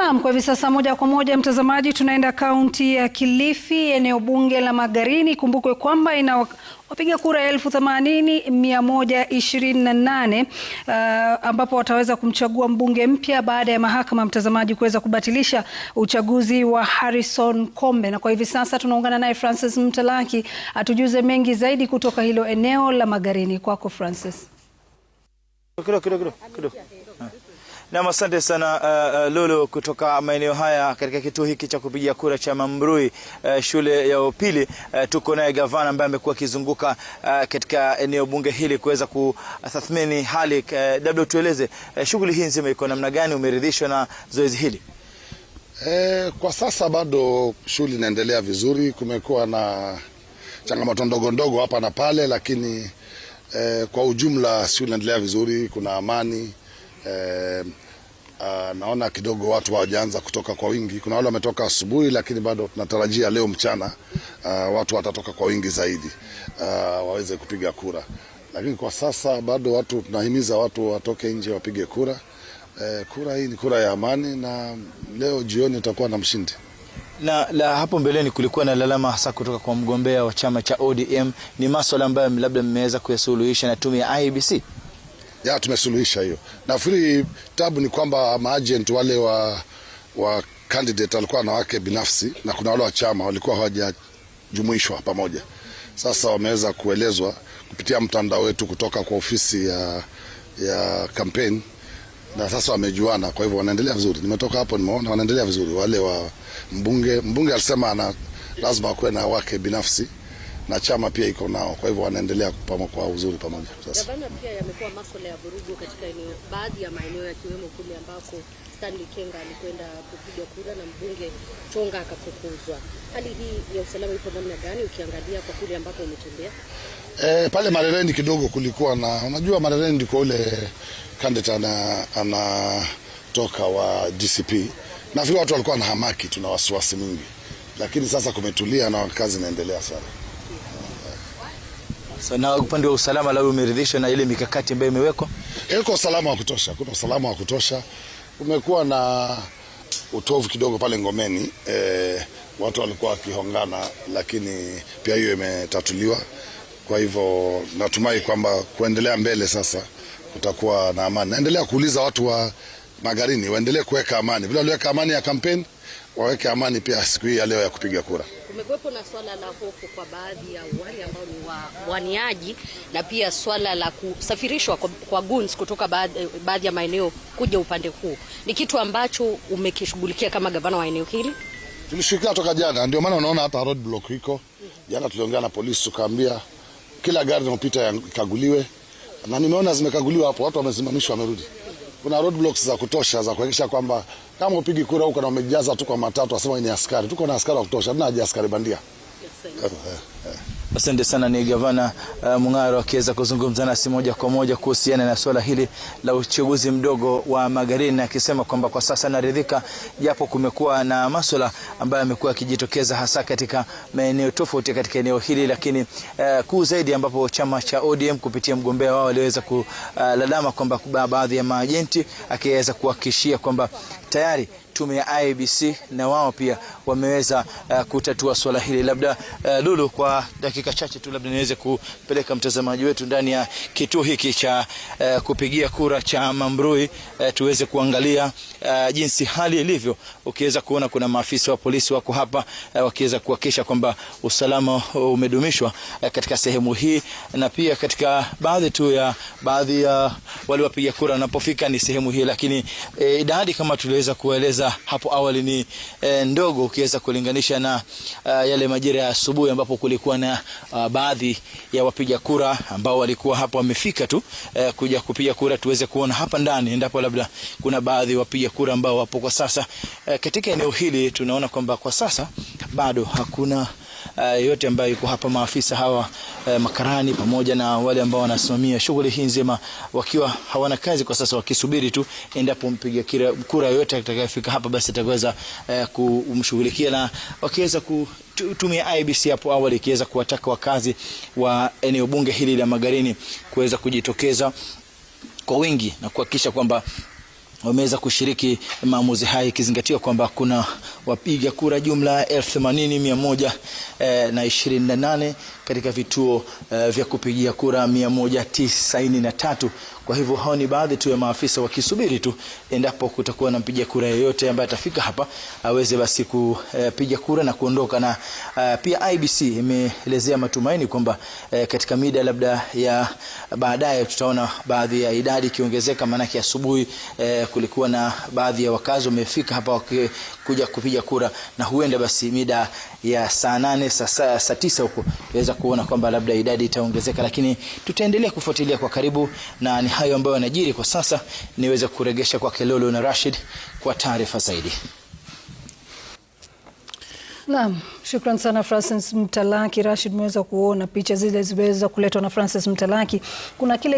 Naam, kwa hivi sasa moja kwa moja mtazamaji, tunaenda kaunti ya Kilifi, eneo bunge la Magarini. Kumbukwe kwamba ina wapiga kura elfu themanini mia moja ishirini na nane uh, ambapo wataweza kumchagua mbunge mpya baada ya mahakama mtazamaji kuweza kubatilisha uchaguzi wa Harrison Kombe. Na kwa hivi sasa tunaungana naye Francis Mtalaki atujuze mengi zaidi kutoka hilo eneo la Magarini. Kwako Francis. Kido, kido, kido, kido. Nam, asante sana uh, uh, Lulu kutoka maeneo haya katika kituo hiki cha kupigia kura cha Mambrui uh, shule ya upili uh, tuko naye gavana ambaye amekuwa akizunguka uh, katika eneo bunge hili kuweza kutathmini hali uh, labda. Uh, tueleze uh, shughuli hii nzima iko namna gani, umeridhishwa na zoezi hili? Eh, kwa sasa bado shughuli inaendelea vizuri. Kumekuwa na changamoto ndogo ndogo hapa na pale, lakini eh, kwa ujumla shughuli inaendelea vizuri, kuna amani eh, Uh, naona kidogo watu hawajaanza kutoka kwa wingi. Kuna wale wametoka asubuhi, lakini bado tunatarajia leo mchana uh, watu watatoka kwa wingi zaidi uh, waweze kupiga kura, lakini kwa sasa bado watu tunahimiza watu watoke nje wapige kura. Eh, kura hii ni kura ya amani, na leo jioni utakuwa na mshindi. Na la hapo mbeleni kulikuwa na lalama hasa kutoka kwa mgombea wa chama cha ODM. Ni masuala ambayo labda mmeweza kuyasuluhisha na tume ya IBC ya tumesuluhisha hiyo. Nafikiri tabu ni kwamba maagent wale wa, wa candidate walikuwa na wake binafsi na kuna wale wa chama walikuwa hawajajumuishwa pamoja. Sasa wameweza kuelezwa kupitia mtandao wetu kutoka kwa ofisi ya, ya campaign na sasa wamejuana, kwa hivyo wanaendelea vizuri. Nimetoka hapo nimeona wanaendelea vizuri. Wale wa mbunge, mbunge alisema ana lazima akuwe na wake binafsi na chama pia iko nao, kwa hivyo wanaendelea kwa uzuri pamoja. Sasa gavana, pia yamekuwa masuala ya vurugu katika eneo, baadhi ya maeneo yakiwemo kule ambako Stanley Kenga alikwenda kupiga kura na mbunge Chonga akafukuzwa. Hali hii ya usalama ipo namna gani ukiangalia kwa kule ambako umetembea? Eh, pale Marereni kidogo kulikuwa na, unajua Marereni ndiko ule candidate ana anatoka wa DCP. na vile watu walikuwa na hamaki, tuna wasiwasi mwingi, lakini sasa kumetulia na kazi inaendelea sana. So, na upande wa usalama labda umeridhishwa na ile mikakati ambayo imewekwa? Iko usalama wa kutosha, kuna usalama wa kutosha. Kumekuwa na utovu kidogo pale ngomeni e, watu walikuwa wakihongana, lakini pia hiyo imetatuliwa. Kwa hivyo natumai kwamba kuendelea mbele sasa kutakuwa na amani. Naendelea kuuliza watu wa Magarini waendelee kuweka amani, vile waliweka amani ya kampeni, waweke amani pia siku hii ya leo ya kupiga kura kumekuwepo na swala la hofu kwa baadhi ya wale ambao ni wawaniaji na pia swala la kusafirishwa kwa, kwa guns kutoka baadhi, ya maeneo kuja upande huu. Ni kitu ambacho umekishughulikia kama gavana wa eneo hili? Tulishirikiana toka jana, ndio maana unaona hata road block iko jana. Tuliongea na polisi tukaambia kila gari inayopita ikaguliwe, na nimeona zimekaguliwa hapo, watu wamesimamishwa wamerudi kuna roadblocks za kutosha za kuhakikisha kwamba kama upigi kura huko na umejaza tu kwa matatu, asema ni askari. Tuko na askari wa kutosha, hatuna haja askari bandia. Yes, Asante sana. Ni gavana uh, Mung'aro akiweza kuzungumza nasi moja kwa moja kuhusiana na suala hili la uchaguzi mdogo wa Magarini, akisema kwamba kwa sasa anaridhika, japo kumekuwa na masuala ambayo amekuwa akijitokeza hasa katika maeneo tofauti katika eneo hili, lakini uh, kuu zaidi ambapo chama cha ODM kupitia mgombea wao aliweza kulalama kwamba baadhi ya maajenti akiweza kuhakikishia kwamba tayari tume ya IBC na wao pia wameweza uh, kutatua swala hili. Labda uh, Lulu, kwa dakika chache tu, labda niweze kupeleka mtazamaji wetu ndani ya kituo hiki cha uh, kupigia kura cha Mambrui uh, tuweze kuangalia uh, jinsi hali ilivyo. Ukiweza kuona kuna maafisa wa polisi wako hapa uh, wakiweza kuhakikisha kwamba usalama umedumishwa uh, katika sehemu hii na pia katika baadhi tu ya baadhi ya wale wapiga kura wanapofika ni sehemu hii, lakini uh, kama tuliweza kueleza hapo awali ni e, ndogo ukiweza kulinganisha na uh, yale majira ya asubuhi ambapo kulikuwa na uh, baadhi ya wapiga kura ambao walikuwa hapo wamefika tu e, kuja kupiga kura. Tuweze kuona hapa ndani endapo labda kuna baadhi ya wapiga kura ambao wapo kwa sasa e, katika eneo hili. Tunaona kwamba kwa sasa bado hakuna uh, yote ambayo iko hapa, maafisa hawa uh, makarani pamoja na wale ambao wanasimamia shughuli hii nzima wakiwa hawana kazi kwa sasa, wakisubiri tu endapo mpiga kura yoyote atakayefika hapa basi ataweza uh, kumshughulikia na wakiweza ku tumia IBC hapo awali ikiweza kuwataka wakazi wa eneo bunge hili la Magarini kuweza kujitokeza kwa wingi na kuhakikisha kwamba wameweza kushiriki maamuzi haya, ikizingatiwa kwamba kuna wapiga kura jumla elfu themanini mia moja eh, na ishirini na nane katika vituo eh, vya kupigia kura mia moja tisaini na tatu. Kwa hivyo hao ni baadhi tu ya maafisa wakisubiri tu endapo kutakuwa na mpiga kura yeyote ambaye atafika hapa aweze basi kupiga eh, kura na kuondoka. Na eh, pia IBC imeelezea matumaini kwamba eh, katika mida labda ya baadaye tutaona baadhi ya idadi ikiongezeka, maanake asubuhi eh, kulikuwa na baadhi ya wakazi wamefika hapa wakikuja kupiga kura, na huenda basi mida ya saa nane saa tisa huko tuweza kuona kwamba labda idadi itaongezeka, lakini tutaendelea kufuatilia kwa karibu, na ni hayo ambayo yanajiri kwa sasa. Niweze kuregesha kwa Kelolo na Rashid kwa taarifa zaidi. Naam, shukran sana Francis Mtalaki. Rashid, umeweza kuona picha zile ziweza kuletwa na Francis Mtalaki. Kuna kile